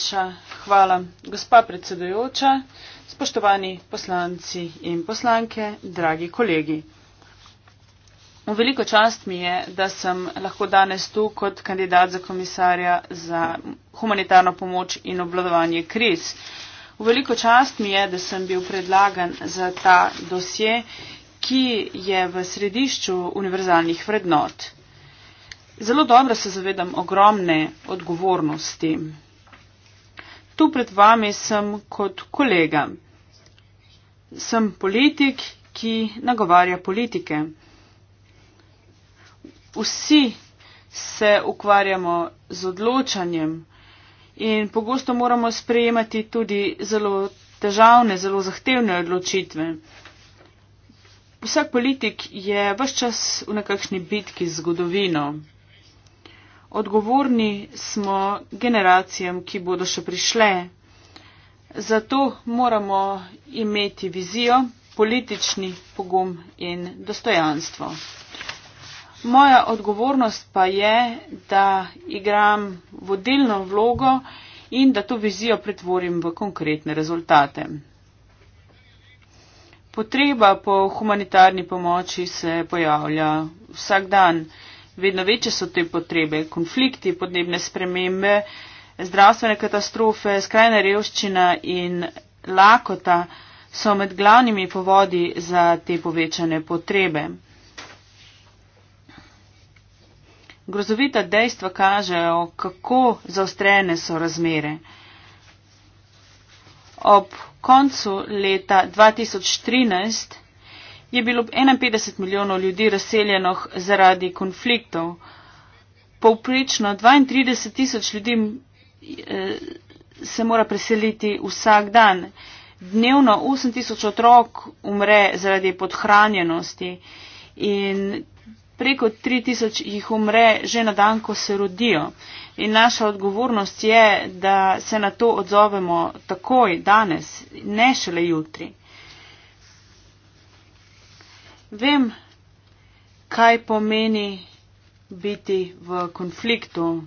Najlepša hvala, gospa predsedujoča, spoštovani poslanci in poslanke, dragi kolegi. V veliko čast mi je, da sem lahko danes tu kot kandidat za komisarja za humanitarno pomoč in obladovanje kriz. V veliko čast mi je, da sem bil predlagan za ta dosje, ki je v središču univerzalnih vrednot. Zelo dobro se zavedam ogromne odgovornosti tu pred vami sem kot kolega. Sem politik, ki nagovarja politike. Vsi se ukvarjamo z odločanjem in pogosto moramo sprejemati tudi zelo težavne, zelo zahtevne odločitve. Vsak politik je vse čas v nekakšni bitki z zgodovino odgovorni smo generacijam, ki bodo še prišle. Zato moramo imeti vizijo, politični pogum in dostojanstvo. Moja odgovornost pa je, da igram vodilno vlogo in da to vizijo pretvorim v konkretne rezultate. Potreba po humanitarni pomoči se pojavlja vsak dan vedno večje so te potrebe, konflikti, podnebne spremembe, zdravstvene katastrofe, skrajna revščina in lakota so med glavnimi povodi za te povečane potrebe. Grozovita dejstva kažejo, kako zaostrene so razmere. Ob koncu leta 2013 je bilo 51 milijonov ljudi razseljenih zaradi konfliktov. Povprečno 32 tisoč ljudi eh, se mora preseliti vsak dan. Dnevno 8 tisoč otrok umre zaradi podhranjenosti in preko 3 tisoč jih umre že na dan, ko se rodijo. In naša odgovornost je, da se na to odzovemo takoj, danes, ne šele jutri vem, kaj pomeni biti v konfliktu.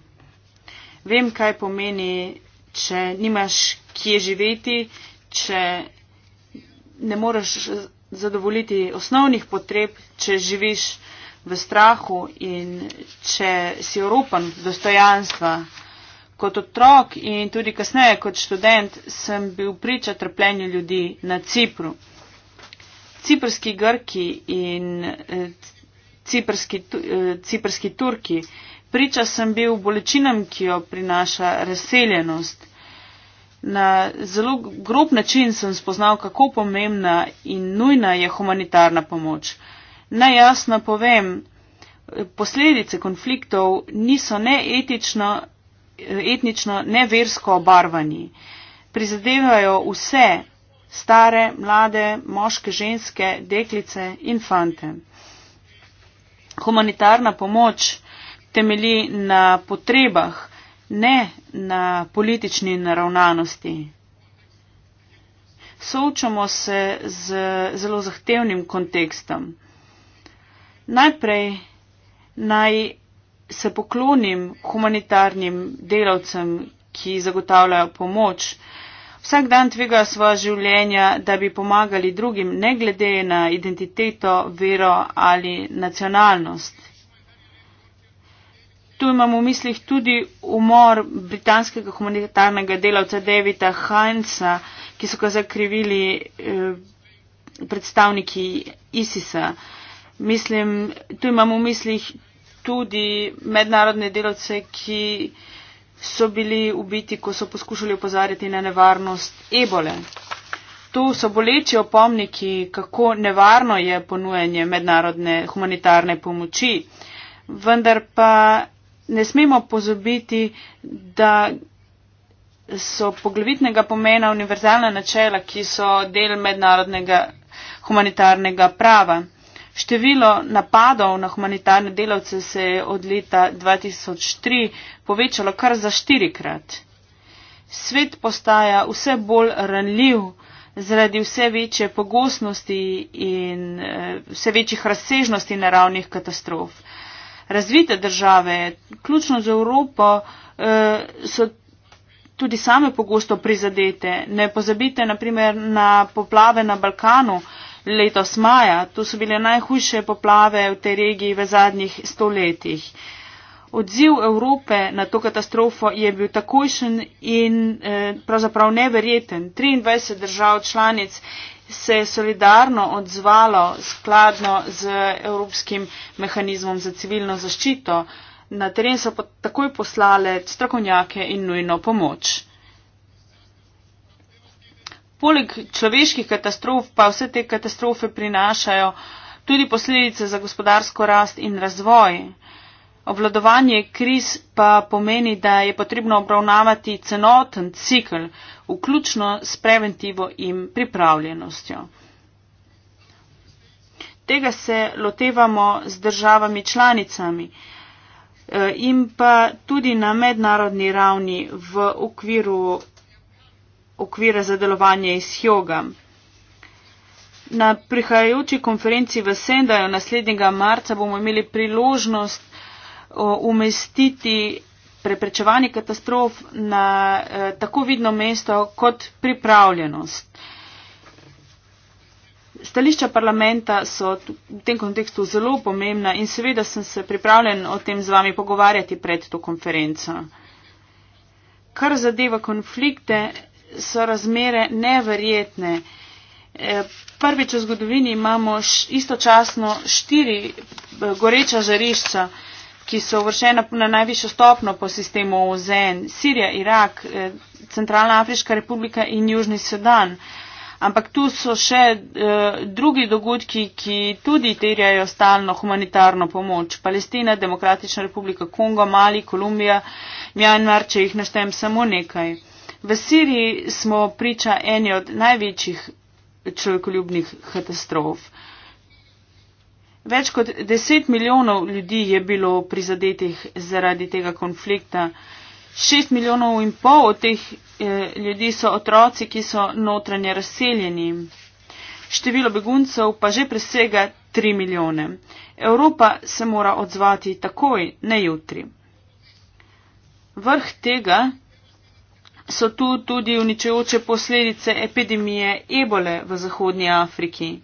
Vem, kaj pomeni, če nimaš kje živeti, če ne moreš zadovoljiti osnovnih potreb, če živiš v strahu in če si oropan dostojanstva. Kot otrok in tudi kasneje kot študent sem bil priča trpljenju ljudi na Cipru ciprski Grki in eh, ciprski, eh, ciprski Turki. Priča sem bil bolečinam, ki jo prinaša razseljenost. Na zelo grob način sem spoznal, kako pomembna in nujna je humanitarna pomoč. Najjasno povem, eh, posledice konfliktov niso ne etično, etnično, ne versko obarvani. Prizadevajo vse, stare, mlade, moške, ženske, deklice in fante. Humanitarna pomoč temelji na potrebah, ne na politični naravnanosti. Soočamo se z zelo zahtevnim kontekstom. Najprej naj se poklonim humanitarnim delavcem, ki zagotavljajo pomoč, Vsak dan tvega svoje življenja, da bi pomagali drugim, ne glede na identiteto, vero ali nacionalnost. Tu imamo v mislih tudi umor britanskega humanitarnega delavca Davida Heinza, ki so ga zakrivili eh, predstavniki ISIS-a. Mislim, tu imamo v mislih tudi mednarodne delavce, ki so bili ubiti, ko so poskušali opozarjati na nevarnost ebole. Tu so boleči opomniki, kako nevarno je ponujanje mednarodne humanitarne pomoči, vendar pa ne smemo pozabiti, da so poglavitnega pomena univerzalna načela, ki so del mednarodnega humanitarnega prava. Število napadov na humanitarne delavce se je od leta 2003 povečalo kar za štirikrat. Svet postaja vse bolj ranljiv zaradi vse večje pogostnosti in eh, vse večjih razsežnosti naravnih katastrof. Razvite države, ključno za Evropo, eh, so tudi same pogosto prizadete. Ne pozabite naprimer na poplave na Balkanu, letos maja. To so bile najhujše poplave v tej regiji v zadnjih stoletjih. Odziv Evrope na to katastrofo je bil takojšen in eh, pravzaprav neverjeten. 23 držav članic se je solidarno odzvalo skladno z Evropskim mehanizmom za civilno zaščito. Na teren so pa takoj poslale strokovnjake in nujno pomoč poleg človeških katastrof pa vse te katastrofe prinašajo tudi posledice za gospodarsko rast in razvoj. Obvladovanje kriz pa pomeni, da je potrebno obravnavati cenoten cikl, vključno s preventivo in pripravljenostjo. Tega se lotevamo z državami članicami eh, in pa tudi na mednarodni ravni v okviru okvira za delovanje iz joga. Na prihajajoči konferenci v Sendaju naslednjega marca bomo imeli priložnost umestiti preprečevanje katastrof na e, tako vidno mesto kot pripravljenost. Stališča parlamenta so v tem kontekstu zelo pomembna in seveda sem se pripravljen o tem z vami pogovarjati pred to konferenco. Kar zadeva konflikte, so razmere neverjetne. E, prvič v zgodovini imamo istočasno štiri e, goreča žarišča, ki so vršena na najvišjo stopno po sistemu OZN. Sirija, Irak, e, Centralna Afriška republika in Južni Sudan. Ampak tu so še drugi dogodki, ki tudi terjajo stalno humanitarno pomoč. Palestina, Demokratična republika Kongo, Mali, Kolumbija, Mjanmar, če jih naštem samo nekaj. V Siriji smo priča eni od največjih človekoljubnih katastrof. Več kot deset milijonov ljudi je bilo prizadetih zaradi tega konflikta. Šest milijonov in pol od teh eh, ljudi so otroci, ki so notranje razseljeni. Število beguncev pa že presega tri milijone. Evropa se mora odzvati takoj, ne jutri. Vrh tega so tu tudi uničujoče posledice epidemije ebole v Zahodnji Afriki.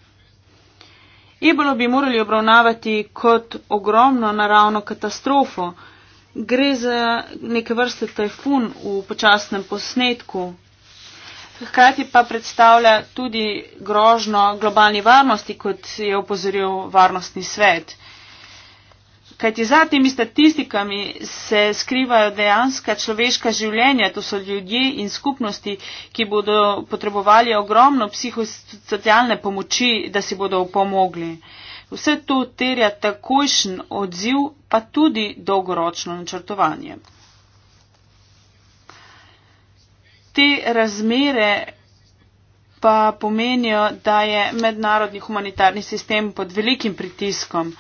Ebolo bi morali obravnavati kot ogromno naravno katastrofo. Gre za neke vrste tajfun v počasnem posnetku. Hkrati pa predstavlja tudi grožno globalni varnosti, kot je opozoril varnostni svet. Kajti za temi statistikami se skrivajo dejanska človeška življenja, to so ljudje in skupnosti, ki bodo potrebovali ogromno psihosocialne pomoči, da si bodo upomogli. Vse to terja takojšen odziv, pa tudi dolgoročno načrtovanje. Te razmere pa pomenijo, da je mednarodni humanitarni sistem pod velikim pritiskom.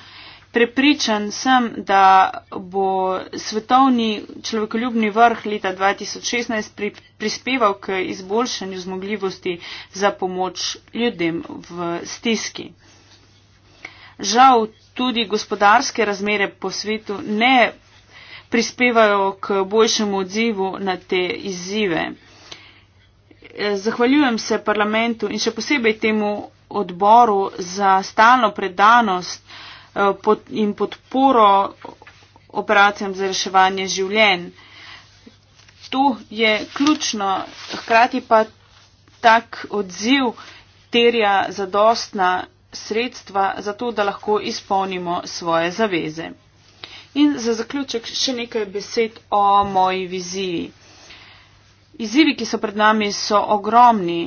Prepričan sem, da bo svetovni človekoljubni vrh leta 2016 pri, prispeval k izboljšanju zmogljivosti za pomoč ljudem v stiski. Žal tudi gospodarske razmere po svetu ne prispevajo k boljšemu odzivu na te izzive. Zahvaljujem se parlamentu in še posebej temu odboru za stalno predanost Eh, in podporo operacijam za reševanje življenj. To je ključno, hkrati pa tak odziv terja zadostna sredstva za to, da lahko izpolnimo svoje zaveze. In za zaključek še nekaj besed o moji viziji. Izzivi, ki so pred nami, so ogromni,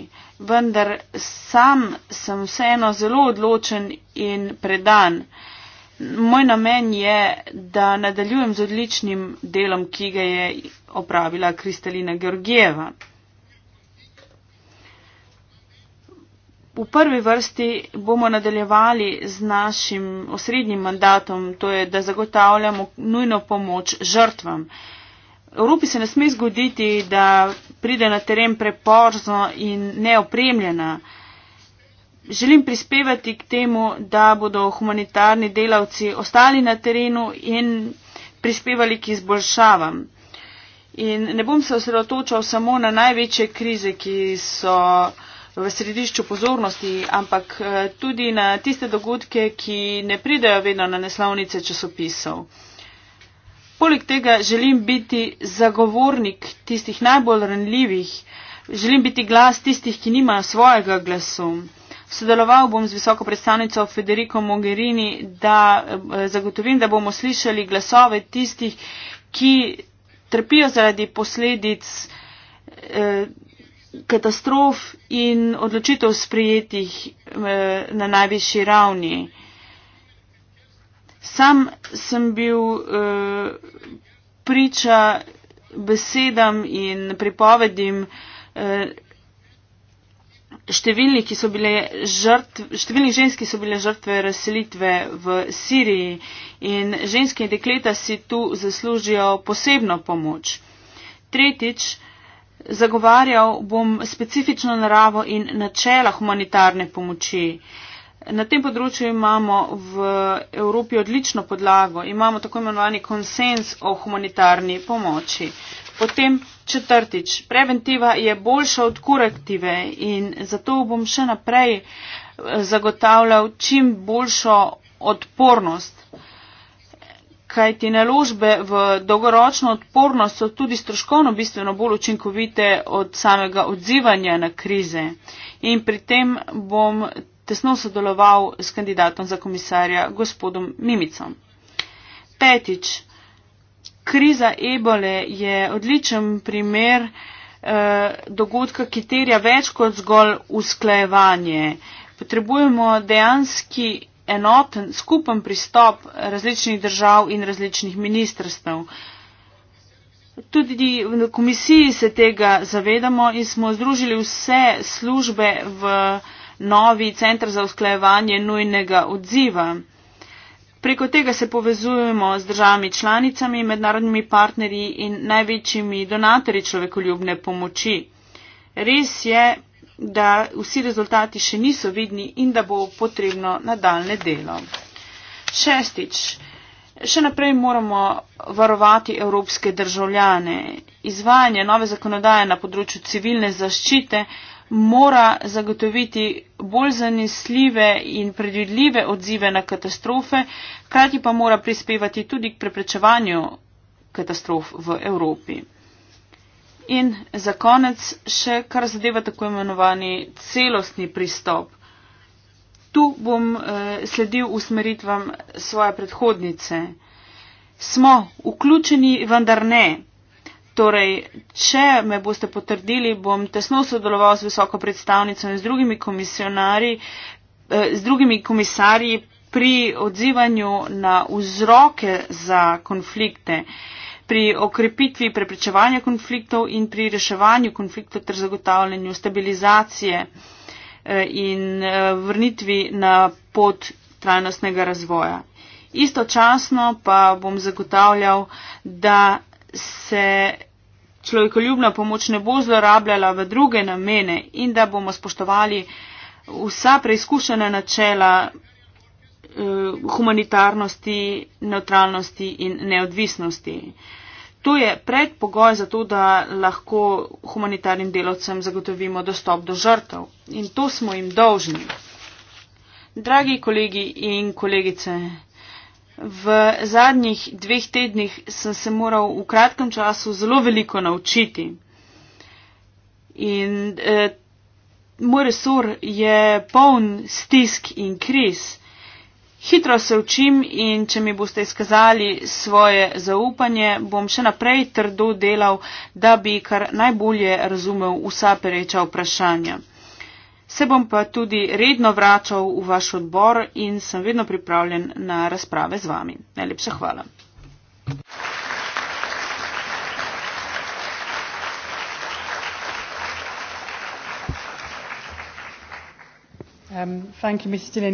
vendar sam sem vseeno zelo odločen in predan. Moj namen je, da nadaljujem z odličnim delom, ki ga je opravila Kristalina Georgieva. V prvi vrsti bomo nadaljevali z našim osrednjim mandatom, to je, da zagotavljamo nujno pomoč žrtvam. Evropi se ne sme zgoditi, da pride na teren preporzno in neopremljena. Želim prispevati k temu, da bodo humanitarni delavci ostali na terenu in prispevali k izboljšavam. In ne bom se osredotočal samo na največje krize, ki so v središču pozornosti, ampak eh, tudi na tiste dogodke, ki ne pridejo vedno na neslovnice časopisov. Poleg tega želim biti zagovornik tistih najbolj ranljivih, želim biti glas tistih, ki nima svojega glasu. Sodeloval bom z visoko predstavnico Federico Mogherini, da eh, zagotovim, da bomo slišali glasove tistih, ki trpijo zaradi posledic eh, katastrof in odločitev sprijetih eh, na najvišji ravni. Sam sem bil eh, priča besedam in pripovedim eh, številnih žensk, ki so bile žrtve razselitve v Siriji in ženske in dekleta si tu zaslužijo posebno pomoč. Tretjič, zagovarjal bom specifično naravo in načela humanitarne pomoči. Eh, Na tem področju imamo v Evropi odlično podlago, imamo tako imenovani konsens o humanitarni pomoči. Potem četrtič, preventiva je boljša od kurative in zato bom še naprej eh, zagotavljal čim boljšo odpornost, kajti naložbe v dolgoročno odpornost so tudi stroškovno bistveno bolj učinkovite od samega odzivanja na krize. In pri tem bom tesno sodeloval s kandidatom za komisarja gospodom Mimicom. Petič, kriza ebole je odličen primer eh, dogodka, ki terja več kot zgolj usklajevanje. Potrebujemo dejanski enoten, skupen pristop različnih držav in različnih ministrstv. Tudi v komisiji se tega zavedamo in smo združili vse službe v novi centr za usklajevanje nujnega odziva. Preko tega se povezujemo z državami članicami, mednarodnimi partnerji in največjimi donatorji človekoljubne pomoči. Res je, da vsi rezultati še niso vidni in da bo potrebno nadaljne delo. Šestič. Še naprej moramo varovati evropske državljane. Izvajanje nove zakonodaje na področju civilne zaščite mora zagotoviti bolj zanesljive in predvidljive odzive na katastrofe, krati pa mora prispevati tudi k preprečevanju katastrof v Evropi. In za konec še kar zadeva tako imenovani celostni pristop. Tu bom eh, sledil usmeritvam svoje predhodnice. Smo vključeni, vendar ne. Torej, če me boste potrdili, bom tesno sodeloval z visoko predstavnico in z drugimi komisionarji, eh, z drugimi komisarji pri odzivanju na vzroke za konflikte, pri okrepitvi preprečevanja konfliktov in pri reševanju konflikta ter zagotavljanju stabilizacije eh, in eh, vrnitvi na pot trajnostnega razvoja. Istočasno pa bom zagotavljal, da se človekoljubna pomoč ne bo zlorabljala v druge namene in da bomo spoštovali vsa preizkušena načela eh, humanitarnosti, neutralnosti in neodvisnosti. To je predpogoj za to, da lahko humanitarnim delovcem zagotovimo dostop do žrtev in to smo jim dolžni. Dragi kolegi in kolegice, V zadnjih dveh tednih sem se moral v kratkem času zelo veliko naučiti. In eh, moj resor je poln stisk in kriz. Hitro se učim in če mi boste izkazali svoje zaupanje, bom še naprej trdo delal, da bi kar najbolje razumel vsa pereča vprašanja se bom pa tudi redno vračal v vaš odbor in sem vedno pripravljen na razprave z vami. Najlepša hvala. Um, thank you, Mr. Delaney.